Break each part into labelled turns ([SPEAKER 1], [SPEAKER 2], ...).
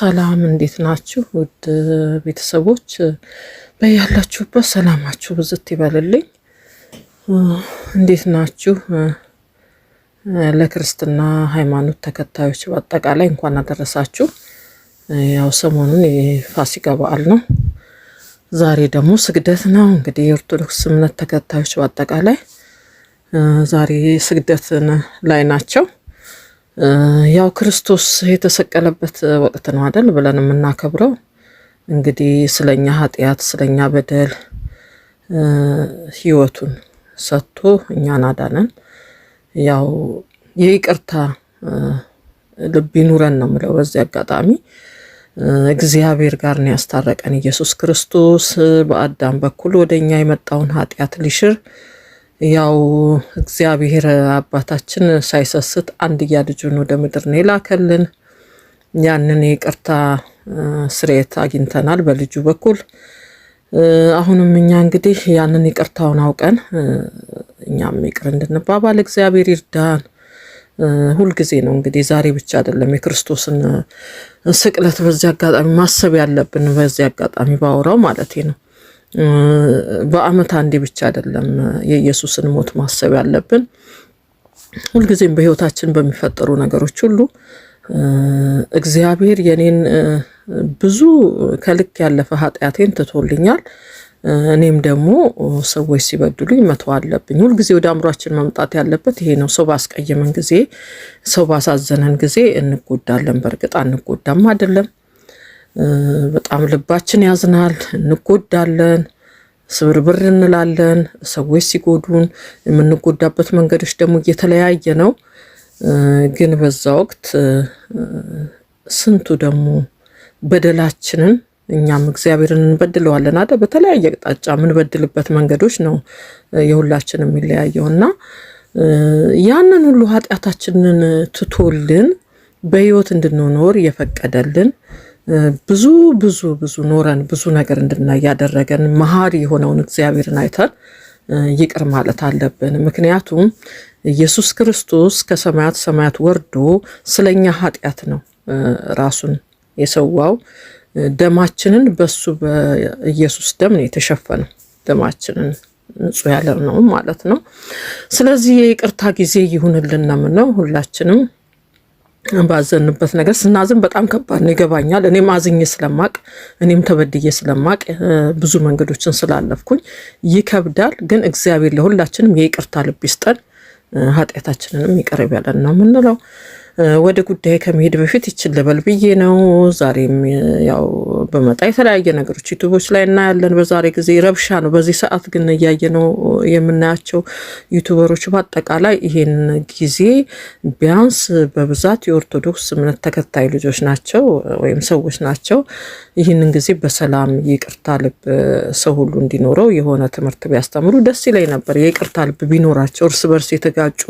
[SPEAKER 1] ሰላም እንዴት ናችሁ? ውድ ቤተሰቦች በያላችሁበት ሰላማችሁ ብዝት ይበልልኝ። እንዴት ናችሁ? ለክርስትና ሃይማኖት ተከታዮች በአጠቃላይ እንኳን አደረሳችሁ። ያው ሰሞኑን የፋሲካ በዓል ነው። ዛሬ ደግሞ ስግደት ነው። እንግዲህ የኦርቶዶክስ እምነት ተከታዮች በአጠቃላይ ዛሬ ስግደት ላይ ናቸው። ያው ክርስቶስ የተሰቀለበት ወቅት ነው አይደል ብለን የምናከብረው። እንግዲህ ስለኛ ኃጢአት ስለኛ በደል ህይወቱን ሰጥቶ እኛን አዳነን። ያው የይቅርታ ልብ ይኑረን ነው ምለው። በዚህ አጋጣሚ እግዚአብሔር ጋር ነው ያስታረቀን ኢየሱስ ክርስቶስ በአዳም በኩል ወደ እኛ የመጣውን ኃጢአት ሊሽር ያው እግዚአብሔር አባታችን ሳይሰስት አንድያ ልጁን ወደ ምድር ነው የላከልን። ያንን የቅርታ ስርየት አግኝተናል በልጁ በኩል። አሁንም እኛ እንግዲህ ያንን ይቅርታውን አውቀን እኛም ይቅር እንድንባባል እግዚአብሔር ይርዳን። ሁልጊዜ ነው እንግዲህ ዛሬ ብቻ አይደለም የክርስቶስን ስቅለት በዚህ አጋጣሚ ማሰብ ያለብን። በዚህ አጋጣሚ ባወራው ማለት ነው። በአመት አንዴ ብቻ አይደለም የኢየሱስን ሞት ማሰብ ያለብን። ሁልጊዜም በህይወታችን በሚፈጠሩ ነገሮች ሁሉ እግዚአብሔር የኔን ብዙ ከልክ ያለፈ ኃጢአቴን ትቶልኛል። እኔም ደግሞ ሰዎች ሲበድሉኝ መተው አለብኝ። ሁልጊዜ ወደ አእምሯችን መምጣት ያለበት ይሄ ነው። ሰው ባስቀየመን ጊዜ፣ ሰው ባሳዘነን ጊዜ እንጎዳለን። በእርግጥ አንጎዳም አይደለም በጣም ልባችን ያዝናል፣ እንጎዳለን፣ ስብርብር እንላለን። ሰዎች ሲጎዱን የምንጎዳበት መንገዶች ደግሞ እየተለያየ ነው። ግን በዛ ወቅት ስንቱ ደግሞ በደላችንን እኛም እግዚአብሔርን እንበድለዋለን አ በተለያየ አቅጣጫ የምንበድልበት መንገዶች ነው የሁላችን የሚለያየው እና ያንን ሁሉ ኃጢአታችንን ትቶልን በህይወት እንድንኖር እየፈቀደልን?። ብዙ ብዙ ብዙ ኖረን ብዙ ነገር እንድናይ ያደረገን መሀሪ የሆነውን እግዚአብሔርን አይተን ይቅር ማለት አለብን። ምክንያቱም ኢየሱስ ክርስቶስ ከሰማያት ሰማያት ወርዶ ስለኛ ኃጢአት ነው ራሱን የሰዋው። ደማችንን በሱ በኢየሱስ ደም ነው የተሸፈነው። ደማችንን ንጹሕ ያለ ነው ማለት ነው። ስለዚህ የይቅርታ ጊዜ ይሁንልን ነው ሁላችንም ባዘንበት ነገር ስናዝን በጣም ከባድ ነው፣ ይገባኛል። እኔም አዝኜ ስለማቅ እኔም ተበድዬ ስለማቅ ብዙ መንገዶችን ስላለፍኩኝ ይከብዳል። ግን እግዚአብሔር ለሁላችንም የይቅርታ ልብ ይስጠን፣ ኃጢአታችንንም ይቅርብ ያለን ነው የምንለው። ወደ ጉዳይ ከመሄድ በፊት ይችል ልበል ብዬ ነው ዛሬም ያው በመጣ የተለያየ ነገሮች ዩቱቦች ላይ እናያለን። በዛሬ ጊዜ ረብሻ ነው። በዚህ ሰዓት ግን እያየ ነው የምናያቸው ዩቱበሮች በአጠቃላይ ይሄን ጊዜ ቢያንስ በብዛት የኦርቶዶክስ እምነት ተከታይ ልጆች ናቸው ወይም ሰዎች ናቸው። ይህንን ጊዜ በሰላም ይቅርታ ልብ ሰው ሁሉ እንዲኖረው የሆነ ትምህርት ቢያስተምሩ ደስ ይለኝ ነበር። የይቅርታ ልብ ቢኖራቸው እርስ በርስ የተጋጩ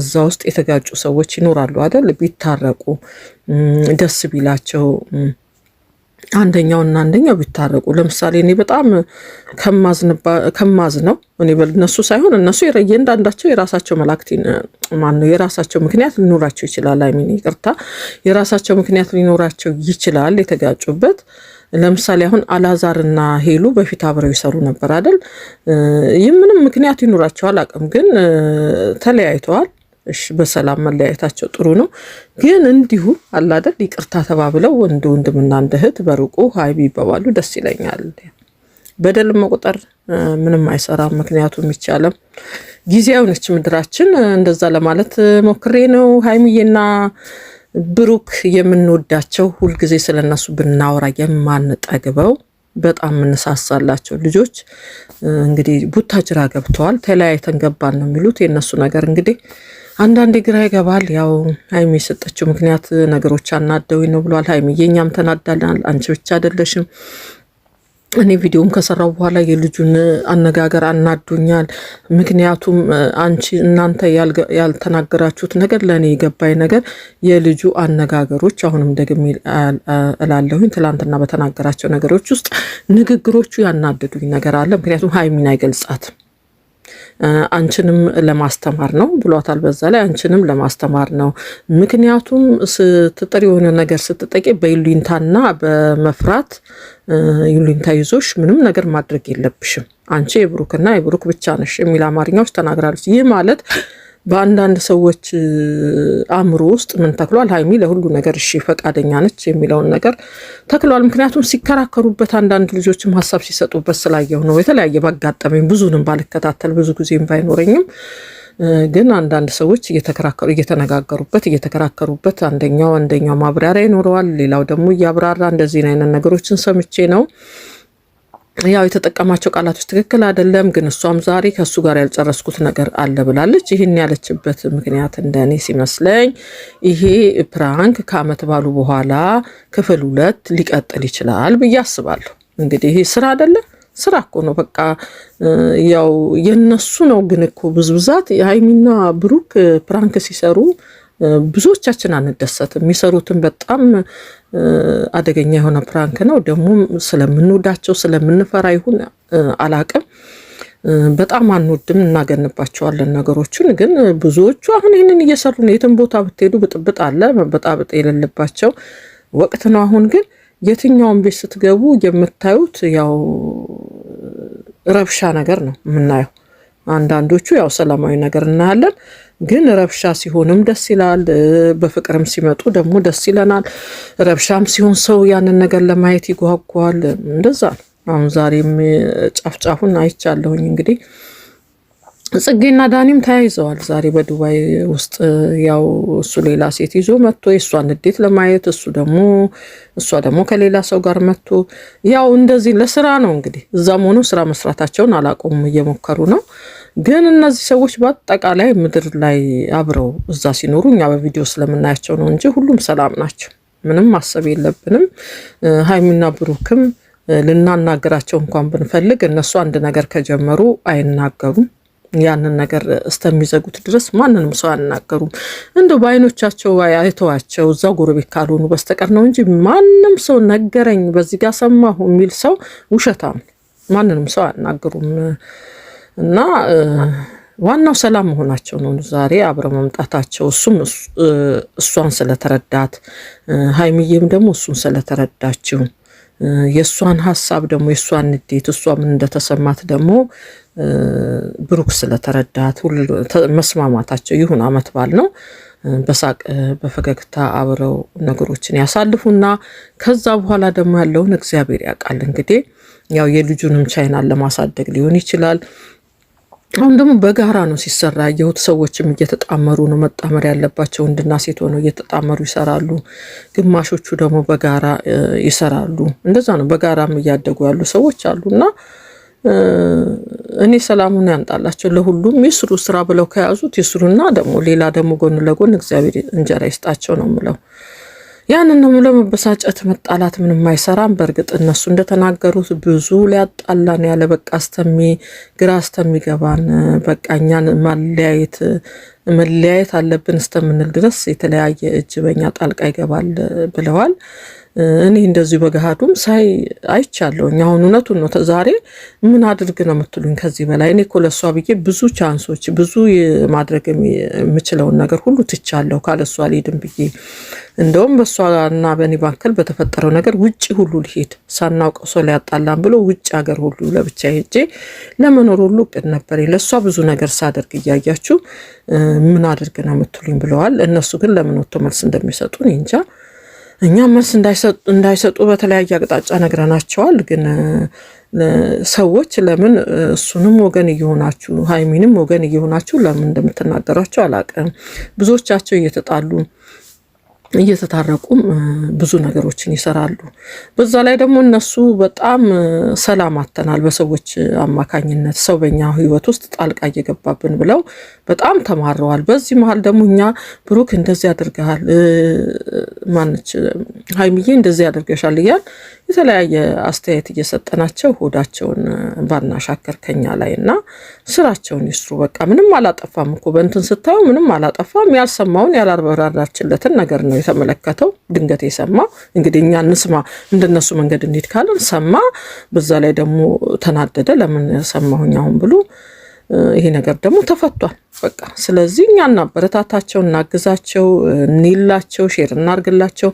[SPEAKER 1] እዛ ውስጥ የተጋጩ ሰዎች ይኖራሉ አይደል? ቢታረቁ ደስ ቢላቸው አንደኛውና አንደኛው ቢታረቁ ለምሳሌ እኔ በጣም ከማዝ ነው እኔ እነሱ ሳይሆን እነሱ እያንዳንዳቸው የራሳቸው ማን ነው የራሳቸው ምክንያት ሊኖራቸው ይችላል። አይሚን ይቅርታ፣ የራሳቸው ምክንያት ሊኖራቸው ይችላል የተጋጩበት። ለምሳሌ አሁን አላዛርና ሄሉ በፊት አብረው ይሰሩ ነበር አይደል? ይህ ምንም ምክንያት ይኖራቸው አላውቅም፣ ግን ተለያይተዋል። በሰላም መለያየታቸው ጥሩ ነው። ግን እንዲሁ አላደል ይቅርታ ተባብለው እንደ ወንድምና እንደ እህት በሩቁ ሀይ ቢባባሉ ደስ ይለኛል። በደል መቁጠር ምንም አይሰራም። ምክንያቱም ይቻለም ጊዜያዊ ነች ምድራችን። እንደዛ ለማለት ሞክሬ ነው። ሀይሚዬና ብሩክ የምንወዳቸው ሁልጊዜ ስለነሱ ብናወራ የማንጠግበው በጣም የምንሳሳላቸው ልጆች እንግዲህ ቡታጅራ ገብተዋል። ተለያይተን ገባን ነው የሚሉት የእነሱ ነገር እንግዲህ አንዳንዴ ግራ ይገባል። ያው ሀይሚ የሰጠችው ምክንያት ነገሮች አናደዊ ነው ብሏል። ሀይሚ የእኛም ተናዳለናል። አንቺ ብቻ አይደለሽም እኔ ቪዲዮም ከሰራው በኋላ የልጁን አነጋገር አናዱኛል ምክንያቱም አንቺ እናንተ ያልተናገራችሁት ነገር ለእኔ የገባኝ ነገር የልጁ አነጋገሮች፣ አሁንም ደግሜ እላለሁኝ ትላንትና በተናገራቸው ነገሮች ውስጥ ንግግሮቹ ያናደዱኝ ነገር አለ። ምክንያቱም ሀይሚን አይገልጻትም አንቺንም ለማስተማር ነው ብሏታል። በዛ ላይ አንቺንም ለማስተማር ነው። ምክንያቱም ስትጥር የሆነ ነገር ስትጠቂ በይሉኝታና በመፍራት ይሉኝታ ይዞሽ ምንም ነገር ማድረግ የለብሽም። አንቺ የብሩክና የብሩክ ብቻ ነሽ የሚል አማርኛዎች ተናግራለች። ይህ ማለት በአንዳንድ ሰዎች አእምሮ ውስጥ ምን ተክሏል? ሀይሚ ለሁሉ ነገር እሺ ፈቃደኛ ነች የሚለውን ነገር ተክሏል። ምክንያቱም ሲከራከሩበት፣ አንዳንድ ልጆችም ሀሳብ ሲሰጡበት ስላየው ነው። የተለያየ ባጋጠመኝ ብዙንም ባልከታተል ብዙ ጊዜም ባይኖረኝም ግን አንዳንድ ሰዎች እየተከራከሩ እየተነጋገሩበት እየተከራከሩበት አንደኛው አንደኛው ማብራሪያ ይኖረዋል፣ ሌላው ደግሞ እያብራራ እንደዚህ አይነት ነገሮችን ሰምቼ ነው ያው የተጠቀማቸው ቃላቶች ትክክል አይደለም፣ ግን እሷም ዛሬ ከእሱ ጋር ያልጨረስኩት ነገር አለ ብላለች። ይህን ያለችበት ምክንያት እንደኔ ሲመስለኝ ይሄ ፕራንክ ከአመት ባሉ በኋላ ክፍል ሁለት ሊቀጥል ይችላል ብዬ አስባለሁ። እንግዲህ ይሄ ስራ አይደለም ስራ እኮ ነው። በቃ ያው የነሱ ነው። ግን እኮ ብዙ ብዛት ሃይሚና ብሩክ ፕራንክ ሲሰሩ ብዙዎቻችን አንደሰትም። የሚሰሩትን በጣም አደገኛ የሆነ ፕራንክ ነው። ደግሞ ስለምንወዳቸው ስለምንፈራ ይሁን አላቅም፣ በጣም አንወድም፣ እናገንባቸዋለን ነገሮችን። ግን ብዙዎቹ አሁን ይህንን እየሰሩ ነው። የትም ቦታ ብትሄዱ ብጥብጥ አለ። መበጣበጥ የሌለባቸው ወቅት ነው አሁን ግን የትኛውን ቤት ስትገቡ የምታዩት ያው ረብሻ ነገር ነው የምናየው። አንዳንዶቹ ያው ሰላማዊ ነገር እናያለን። ግን ረብሻ ሲሆንም ደስ ይላል። በፍቅርም ሲመጡ ደግሞ ደስ ይለናል። ረብሻም ሲሆን ሰው ያንን ነገር ለማየት ይጓጓል። እንደዛ ነው። አሁን ዛሬም ጫፍ አይቻለሁኝ እንግዲህ ጽጌና ዳኒም ተያይዘዋል ዛሬ በዱባይ ውስጥ። ያው እሱ ሌላ ሴት ይዞ መጥቶ የእሷን እንዴት ለማየት እሱ ደግሞ እሷ ደግሞ ከሌላ ሰው ጋር መጥቶ ያው እንደዚህ ለስራ ነው እንግዲህ። እዛም ሆኖ ስራ መስራታቸውን አላቆሙም፣ እየሞከሩ ነው። ግን እነዚህ ሰዎች በአጠቃላይ ምድር ላይ አብረው እዛ ሲኖሩ እኛ በቪዲዮ ስለምናያቸው ነው እንጂ ሁሉም ሰላም ናቸው። ምንም ማሰብ የለብንም። ሀይሚና ብሩክም ልናናገራቸው እንኳን ብንፈልግ እነሱ አንድ ነገር ከጀመሩ አይናገሩም። ያንን ነገር እስከሚዘጉት ድረስ ማንንም ሰው አናገሩም። እንደው በአይኖቻቸው አይተዋቸው እዛ ጎረቤት ካልሆኑ በስተቀር ነው እንጂ ማንም ሰው ነገረኝ፣ በዚህ ጋር ሰማሁ የሚል ሰው ውሸታም፣ ማንንም ሰው አናገሩም እና ዋናው ሰላም መሆናቸው ነው። ዛሬ አብረ መምጣታቸው እሱም እሷን ስለተረዳት ሀይሚዬም ደግሞ እሱን ስለተረዳችው የእሷን ሀሳብ ደግሞ የእሷን ንዴት እሷ ምን እንደተሰማት ደግሞ ብሩክ ስለተረዳት መስማማታቸው ይሁን አመት ባል ነው። በሳቅ በፈገግታ አብረው ነገሮችን ያሳልፉና ከዛ በኋላ ደግሞ ያለውን እግዚአብሔር ያውቃል። እንግዲህ ያው የልጁንም ቻይናን ለማሳደግ ሊሆን ይችላል አሁን ደግሞ በጋራ ነው ሲሰራ ያየሁት። ሰዎችም እየተጣመሩ ነው መጣመር ያለባቸው። ወንድና ሴት ሆነው እየተጣመሩ ይሰራሉ፣ ግማሾቹ ደግሞ በጋራ ይሰራሉ። እንደዛ ነው። በጋራም እያደጉ ያሉ ሰዎች አሉ እና እኔ ሰላሙን ያምጣላቸው። ለሁሉም ይስሩ፣ ስራ ብለው ከያዙት ይስሩና ደግሞ ሌላ ደግሞ ጎን ለጎን እግዚአብሔር እንጀራ ይስጣቸው ነው ምለው። ያንን ነው ለመበሳጨት መጣላት ምንም አይሰራም። በእርግጥ እነሱ እንደተናገሩት ብዙ ሊያጣላን ያለ በቃ አስተሚ ግራ አስተሚገባን በቃ እኛን ማለያየት መለያየት አለብን እስተምንል ድረስ የተለያየ እጅ በኛ ጣልቃ ይገባል ብለዋል። እኔ እንደዚሁ በገሃዱም ሳይ አይቻለሁ። አሁን እውነቱን ነው። ዛሬ ምን አድርግ ነው የምትሉኝ? ከዚህ በላይ እኔ እኮ ለእሷ ብዬ ብዙ ቻንሶች፣ ብዙ ማድረግ የምችለውን ነገር ሁሉ ትቻለሁ ካለሷ ልሄድም ብዬ እንደውም እና በእኔ መካከል በተፈጠረው ነገር ውጭ ሁሉ ልሄድ ሳናውቀው ሰው ሊያጣላን ብሎ ውጭ ሀገር ሁሉ ለብቻ ሄጄ ለመኖር ሁሉ እቅድ ነበረኝ። ለእሷ ብዙ ነገር ሳደርግ እያያችሁ ምን አድርግ ነው የምትሉኝ ብለዋል። እነሱ ግን ለምን ወጥቶ መልስ እንደሚሰጡን እንጃ። እኛ መልስ እንዳይሰጡ በተለያየ አቅጣጫ ነግረናቸዋል። ግን ሰዎች ለምን እሱንም ወገን እየሆናችሁ ሀይሚንም ወገን እየሆናችሁ ለምን እንደምትናገራቸው አላውቅም። ብዙዎቻቸው እየተጣሉ እየተታረቁም ብዙ ነገሮችን ይሰራሉ። በዛ ላይ ደግሞ እነሱ በጣም ሰላም አተናል በሰዎች አማካኝነት ሰው በኛ ህይወት ውስጥ ጣልቃ እየገባብን ብለው በጣም ተማረዋል። በዚህ መሀል ደግሞ እኛ ብሩክ እንደዚህ ያደርገል ማነች ሀይሚዬ እንደዚህ ያደርገሻል እያል የተለያየ አስተያየት እየሰጠናቸው ሆዳቸውን ባናሻከር ከኛ ላይ እና ስራቸውን ይስሩ። በቃ ምንም አላጠፋም እኮ በእንትን ስታዩ ምንም አላጠፋም። ያልሰማውን ያላበራራችለትን ነገር ነው የተመለከተው። ድንገት የሰማ እንግዲህ እኛ እንስማ፣ እንደነሱ መንገድ እንሂድ ካለን ሰማ። በዛ ላይ ደግሞ ተናደደ። ለምን ሰማሁኝ አሁን ብሎ ይሄ ነገር ደግሞ ተፈቷል። በቃ ስለዚህ እኛ እናበረታታቸው፣ እናግዛቸው፣ እንይላቸው፣ ሼር እናርግላቸው።